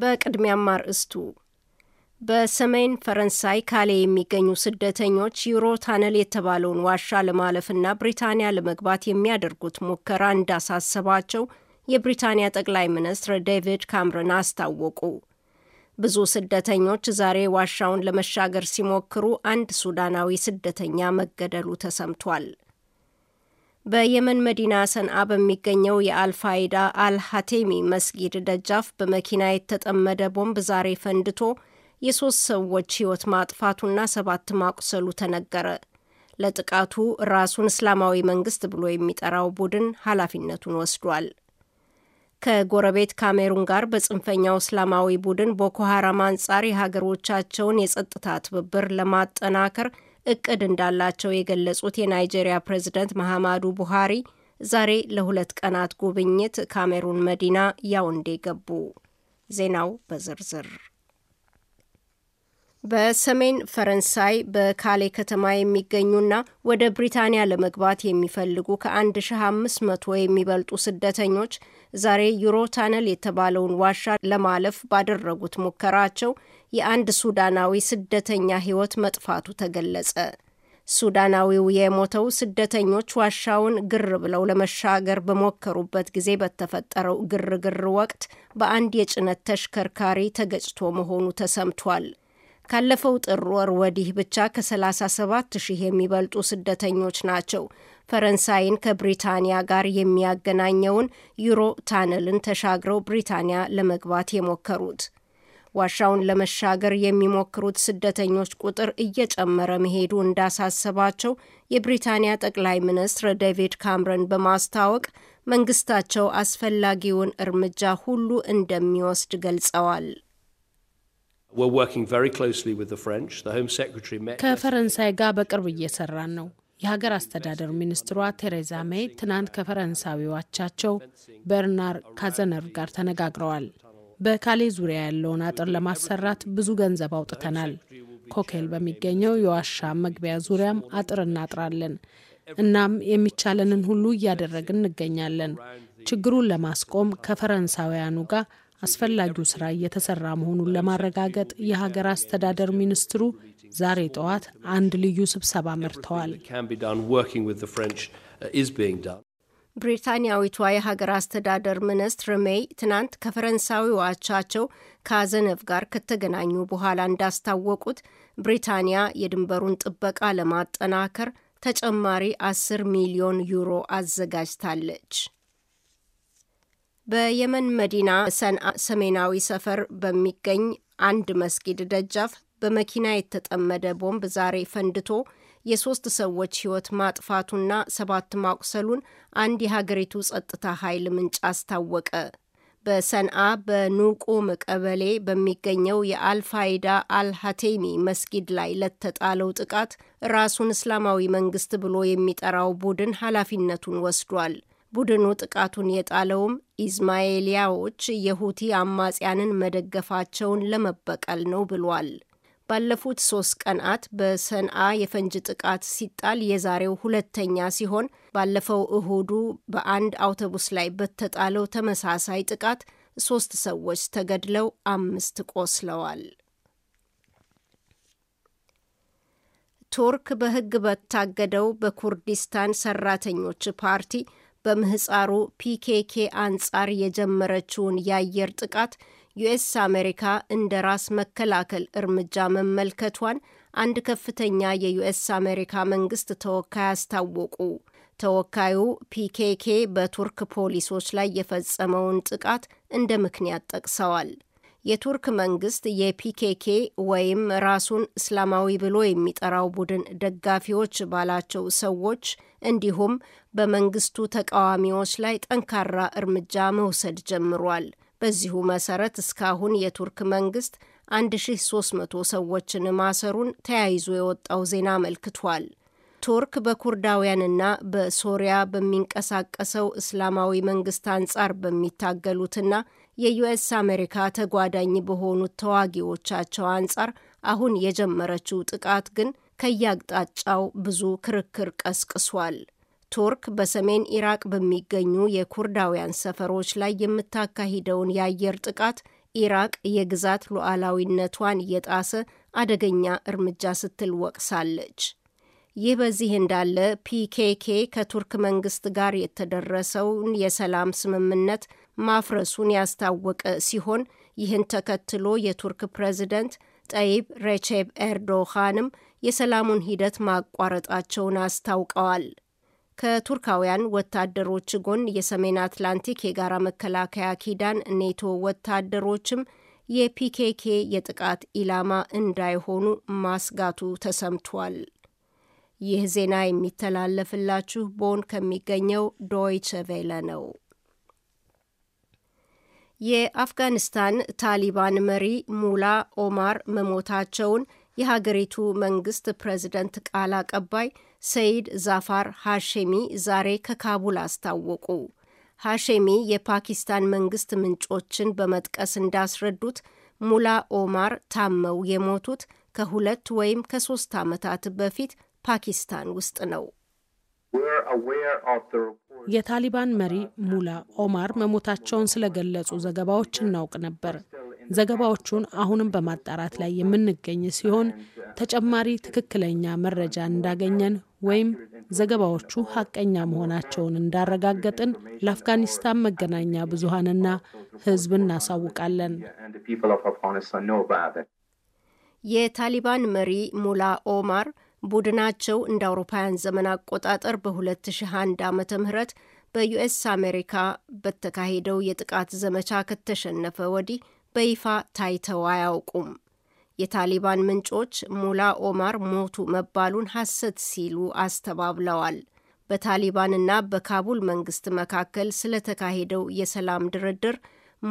በቅድሚያም አርዕስቱ በሰሜን ፈረንሳይ ካሌ የሚገኙ ስደተኞች ዩሮ ታነል የተባለውን ዋሻ ለማለፍና ብሪታንያ ለመግባት የሚያደርጉት ሙከራ እንዳሳሰባቸው የብሪታንያ ጠቅላይ ሚኒስትር ዴቪድ ካምረን አስታወቁ። ብዙ ስደተኞች ዛሬ ዋሻውን ለመሻገር ሲሞክሩ አንድ ሱዳናዊ ስደተኛ መገደሉ ተሰምቷል። በየመን መዲና ሰንዓ በሚገኘው የአልፋይዳ አልሃቴሚ መስጊድ ደጃፍ በመኪና የተጠመደ ቦምብ ዛሬ ፈንድቶ የሶስት ሰዎች ሕይወት ማጥፋቱና ሰባት ማቁሰሉ ተነገረ። ለጥቃቱ ራሱን እስላማዊ መንግስት ብሎ የሚጠራው ቡድን ኃላፊነቱን ወስዷል። ከጎረቤት ካሜሩን ጋር በጽንፈኛው እስላማዊ ቡድን ቦኮ ሀራም አንጻር የሀገሮቻቸውን የጸጥታ ትብብር ለማጠናከር እቅድ እንዳላቸው የገለጹት የናይጄሪያ ፕሬዝደንት መሐማዱ ቡሃሪ ዛሬ ለሁለት ቀናት ጉብኝት ካሜሩን መዲና ያውንዴ ገቡ። ዜናው በዝርዝር በሰሜን ፈረንሳይ በካሌ ከተማ የሚገኙና ወደ ብሪታንያ ለመግባት የሚፈልጉ ከ1500 የሚበልጡ ስደተኞች ዛሬ ዩሮ ታነል የተባለውን ዋሻ ለማለፍ ባደረጉት ሙከራቸው የአንድ ሱዳናዊ ስደተኛ ሕይወት መጥፋቱ ተገለጸ። ሱዳናዊው የሞተው ስደተኞች ዋሻውን ግር ብለው ለመሻገር በሞከሩበት ጊዜ በተፈጠረው ግርግር ወቅት በአንድ የጭነት ተሽከርካሪ ተገጭቶ መሆኑ ተሰምቷል። ካለፈው ጥር ወር ወዲህ ብቻ ከ37 ሺህ የሚበልጡ ስደተኞች ናቸው ፈረንሳይን ከብሪታንያ ጋር የሚያገናኘውን ዩሮ ታነልን ተሻግረው ብሪታንያ ለመግባት የሞከሩት። ዋሻውን ለመሻገር የሚሞክሩት ስደተኞች ቁጥር እየጨመረ መሄዱ እንዳሳሰባቸው የብሪታንያ ጠቅላይ ሚኒስትር ዴቪድ ካምረን በማስታወቅ መንግስታቸው አስፈላጊውን እርምጃ ሁሉ እንደሚወስድ ገልጸዋል። ከፈረንሳይ ጋር በቅርብ እየሰራን ነው። የሀገር አስተዳደር ሚኒስትሯ ቴሬዛ ሜይ ትናንት ከፈረንሳዊ ዋቻቸው በርናር ካዘነር ጋር ተነጋግረዋል። በካሌ ዙሪያ ያለውን አጥር ለማሰራት ብዙ ገንዘብ አውጥተናል። ኮኬል በሚገኘው የዋሻ መግቢያ ዙሪያም አጥር እናጥራለን። እናም የሚቻለንን ሁሉ እያደረግን እንገኛለን። ችግሩን ለማስቆም ከፈረንሳውያኑ ጋር አስፈላጊው ስራ እየተሰራ መሆኑን ለማረጋገጥ የሀገር አስተዳደር ሚኒስትሩ ዛሬ ጠዋት አንድ ልዩ ስብሰባ መርተዋል። ብሪታንያዊቷ የሀገር አስተዳደር ሚኒስትር ሜይ ትናንት ከፈረንሳዊ ዋቻቸው ካዘነቭ ጋር ከተገናኙ በኋላ እንዳስታወቁት ብሪታንያ የድንበሩን ጥበቃ ለማጠናከር ተጨማሪ 10 ሚሊዮን ዩሮ አዘጋጅታለች። በየመን መዲና ሰንዓ ሰሜናዊ ሰፈር በሚገኝ አንድ መስጊድ ደጃፍ በመኪና የተጠመደ ቦምብ ዛሬ ፈንድቶ የሶስት ሰዎች ሕይወት ማጥፋቱና ሰባት ማቁሰሉን አንድ የሀገሪቱ ጸጥታ ኃይል ምንጭ አስታወቀ። በሰንአ በኑቁም ቀበሌ በሚገኘው የአልፋይዳ አልሃቴሚ መስጊድ ላይ ለተጣለው ጥቃት ራሱን እስላማዊ መንግስት ብሎ የሚጠራው ቡድን ኃላፊነቱን ወስዷል። ቡድኑ ጥቃቱን የጣለውም ኢዝማኤልያዎች የሁቲ አማጽያንን መደገፋቸውን ለመበቀል ነው ብሏል። ባለፉት ሶስት ቀናት በሰንአ የፈንጅ ጥቃት ሲጣል የዛሬው ሁለተኛ ሲሆን ባለፈው እሁዱ በአንድ አውቶቡስ ላይ በተጣለው ተመሳሳይ ጥቃት ሶስት ሰዎች ተገድለው አምስት ቆስለዋል። ቱርክ በሕግ በታገደው በኩርዲስታን ሰራተኞች ፓርቲ በምህፃሩ ፒኬኬ አንጻር የጀመረችውን የአየር ጥቃት ዩኤስ አሜሪካ እንደ ራስ መከላከል እርምጃ መመልከቷን አንድ ከፍተኛ የዩኤስ አሜሪካ መንግስት ተወካይ አስታወቁ። ተወካዩ ፒኬኬ በቱርክ ፖሊሶች ላይ የፈጸመውን ጥቃት እንደ ምክንያት ጠቅሰዋል። የቱርክ መንግስት የፒኬኬ ወይም ራሱን እስላማዊ ብሎ የሚጠራው ቡድን ደጋፊዎች ባላቸው ሰዎች እንዲሁም በመንግስቱ ተቃዋሚዎች ላይ ጠንካራ እርምጃ መውሰድ ጀምሯል። በዚሁ መሰረት እስካሁን የቱርክ መንግስት 1300 ሰዎችን ማሰሩን ተያይዞ የወጣው ዜና አመልክቷል። ቱርክ በኩርዳውያንና በሶሪያ በሚንቀሳቀሰው እስላማዊ መንግስት አንጻር በሚታገሉትና የዩኤስ አሜሪካ ተጓዳኝ በሆኑት ተዋጊዎቻቸው አንጻር አሁን የጀመረችው ጥቃት ግን ከያቅጣጫው ብዙ ክርክር ቀስቅሷል። ቱርክ በሰሜን ኢራቅ በሚገኙ የኩርዳውያን ሰፈሮች ላይ የምታካሂደውን የአየር ጥቃት ኢራቅ የግዛት ሉዓላዊነቷን እየጣሰ አደገኛ እርምጃ ስትል ወቅሳለች። ይህ በዚህ እንዳለ ፒኬኬ ከቱርክ መንግስት ጋር የተደረሰውን የሰላም ስምምነት ማፍረሱን ያስታወቀ ሲሆን ይህን ተከትሎ የቱርክ ፕሬዚደንት ጠይብ ሬቼብ ኤርዶሃንም የሰላሙን ሂደት ማቋረጣቸውን አስታውቀዋል። ከቱርካውያን ወታደሮች ጎን የሰሜን አትላንቲክ የጋራ መከላከያ ኪዳን ኔቶ ወታደሮችም የፒኬኬ የጥቃት ኢላማ እንዳይሆኑ ማስጋቱ ተሰምቷል። ይህ ዜና የሚተላለፍላችሁ ቦን ከሚገኘው ዶይቸ ቬለ ነው። የአፍጋኒስታን ታሊባን መሪ ሙላ ኦማር መሞታቸውን የሀገሪቱ መንግስት ፕሬዝደንት ቃል አቀባይ ሰይድ ዛፋር ሃሼሚ ዛሬ ከካቡል አስታወቁ። ሃሼሚ የፓኪስታን መንግስት ምንጮችን በመጥቀስ እንዳስረዱት ሙላ ኦማር ታመው የሞቱት ከሁለት ወይም ከሶስት ዓመታት በፊት ፓኪስታን ውስጥ ነው። የታሊባን መሪ ሙላ ኦማር መሞታቸውን ስለገለጹ ዘገባዎች እናውቅ ነበር። ዘገባዎቹን አሁንም በማጣራት ላይ የምንገኝ ሲሆን ተጨማሪ ትክክለኛ መረጃ እንዳገኘን ወይም ዘገባዎቹ ሀቀኛ መሆናቸውን እንዳረጋገጥን ለአፍጋኒስታን መገናኛ ብዙሃንና ሕዝብ እናሳውቃለን። የታሊባን መሪ ሙላ ኦማር ቡድናቸው እንደ አውሮፓውያን ዘመን አቆጣጠር በ2001 ዓ ም በዩኤስ አሜሪካ በተካሄደው የጥቃት ዘመቻ ከተሸነፈ ወዲህ በይፋ ታይተው አያውቁም። የታሊባን ምንጮች ሙላ ኦማር ሞቱ መባሉን ሐሰት ሲሉ አስተባብለዋል። በታሊባንና በካቡል መንግስት መካከል ስለተካሄደው የሰላም ድርድር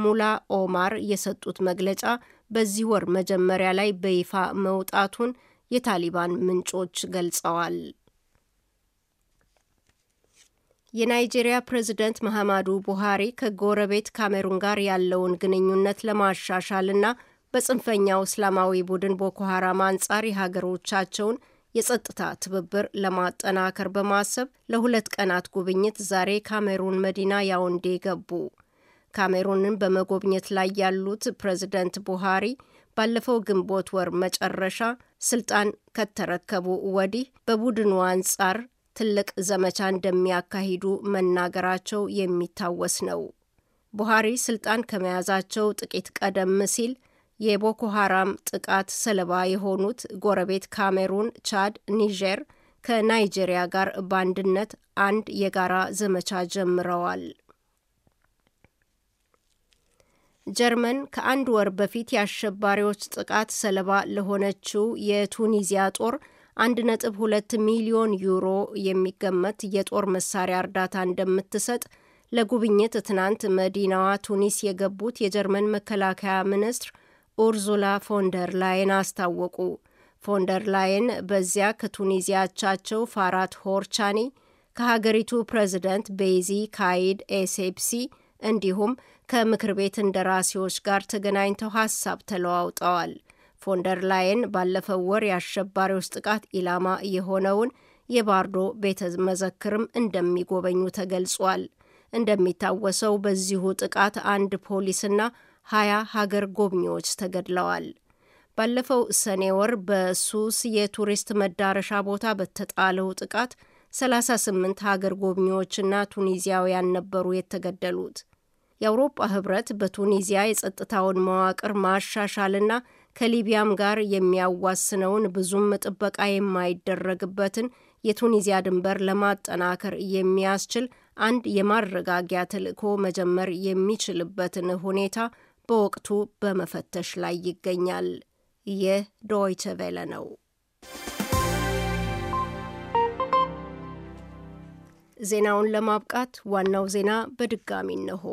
ሙላ ኦማር የሰጡት መግለጫ በዚህ ወር መጀመሪያ ላይ በይፋ መውጣቱን የታሊባን ምንጮች ገልጸዋል። የናይጄሪያ ፕሬዝደንት መሐማዱ ቡሃሪ ከጎረቤት ካሜሩን ጋር ያለውን ግንኙነት ለማሻሻልና በጽንፈኛው እስላማዊ ቡድን ቦኮ ሀራም አንጻር የሀገሮቻቸውን የጸጥታ ትብብር ለማጠናከር በማሰብ ለሁለት ቀናት ጉብኝት ዛሬ ካሜሩን መዲና ያውንዴ ገቡ። ካሜሩንን በመጎብኘት ላይ ያሉት ፕሬዝደንት ቡሃሪ ባለፈው ግንቦት ወር መጨረሻ ስልጣን ከተረከቡ ወዲህ በቡድኑ አንጻር ትልቅ ዘመቻ እንደሚያካሂዱ መናገራቸው የሚታወስ ነው። ቡሃሪ ስልጣን ከመያዛቸው ጥቂት ቀደም ሲል የቦኮ ሃራም ጥቃት ሰለባ የሆኑት ጎረቤት ካሜሩን፣ ቻድ፣ ኒጀር ከናይጄሪያ ጋር በአንድነት አንድ የጋራ ዘመቻ ጀምረዋል። ጀርመን ከአንድ ወር በፊት የአሸባሪዎች ጥቃት ሰለባ ለሆነችው የቱኒዚያ ጦር 1.2 ሚሊዮን ዩሮ የሚገመት የጦር መሳሪያ እርዳታ እንደምትሰጥ ለጉብኝት ትናንት መዲናዋ ቱኒስ የገቡት የጀርመን መከላከያ ሚኒስትር ኡርዙላ ፎንደር ላይን አስታወቁ። ፎንደር ላይን በዚያ ከቱኒዚያቻቸው ፋራት ሆርቻኒ ከሀገሪቱ ፕሬዚደንት ቤዚ ካይድ ኤሴፕሲ እንዲሁም ከምክር ቤት እንደራሴዎች ጋር ተገናኝተው ሀሳብ ተለዋውጠዋል። ፎንደር ላይን ባለፈው ወር የአሸባሪዎች ጥቃት ኢላማ የሆነውን የባርዶ ቤተ መዘክርም እንደሚጎበኙ ተገልጿል። እንደሚታወሰው በዚሁ ጥቃት አንድ ፖሊስና ሀያ ሀገር ጎብኚዎች ተገድለዋል። ባለፈው ሰኔ ወር በሱስ የቱሪስት መዳረሻ ቦታ በተጣለው ጥቃት 38 ሀገር ጎብኚዎችና ቱኒዚያውያን ነበሩ የተገደሉት። የአውሮፓ ህብረት በቱኒዚያ የጸጥታውን መዋቅር ማሻሻልና ከሊቢያም ጋር የሚያዋስነውን ብዙም ጥበቃ የማይደረግበትን የቱኒዚያ ድንበር ለማጠናከር የሚያስችል አንድ የማረጋጊያ ተልእኮ መጀመር የሚችልበትን ሁኔታ በወቅቱ በመፈተሽ ላይ ይገኛል። ይህ ዶይቸ ቬለ ነው። ዜናውን ለማብቃት ዋናው ዜና በድጋሚ እነሆ።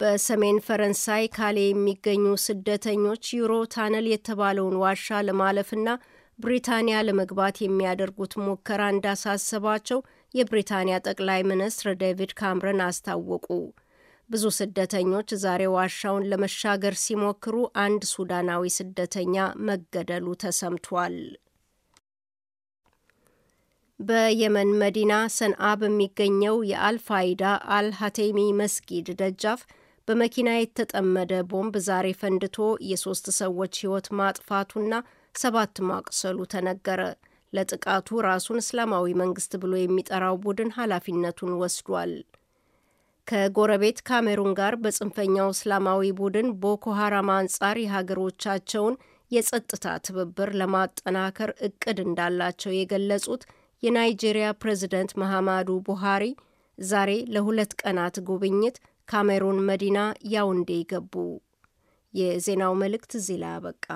በሰሜን ፈረንሳይ ካሌ የሚገኙ ስደተኞች ዩሮ ታነል የተባለውን ዋሻ ለማለፍና ብሪታንያ ለመግባት የሚያደርጉት ሙከራ እንዳሳሰባቸው የብሪታንያ ጠቅላይ ሚኒስትር ዴቪድ ካምረን አስታወቁ። ብዙ ስደተኞች ዛሬ ዋሻውን ለመሻገር ሲሞክሩ አንድ ሱዳናዊ ስደተኛ መገደሉ ተሰምቷል። በየመን መዲና ሰንዓ በሚገኘው የአልፋይዳ አልሀቴሚ መስጊድ ደጃፍ በመኪና የተጠመደ ቦምብ ዛሬ ፈንድቶ የሶስት ሰዎች ሕይወት ማጥፋቱና ሰባት ማቁሰሉ ተነገረ። ለጥቃቱ ራሱን እስላማዊ መንግስት ብሎ የሚጠራው ቡድን ኃላፊነቱን ወስዷል። ከጎረቤት ካሜሩን ጋር በጽንፈኛው እስላማዊ ቡድን ቦኮ ሀራም አንጻር የሀገሮቻቸውን የጸጥታ ትብብር ለማጠናከር እቅድ እንዳላቸው የገለጹት የናይጄሪያ ፕሬዚደንት መሐማዱ ቡሃሪ ዛሬ ለሁለት ቀናት ጉብኝት ካሜሩን መዲና ያውንዴ ገቡ። የዜናው መልእክት እዚህ ላይ አበቃ።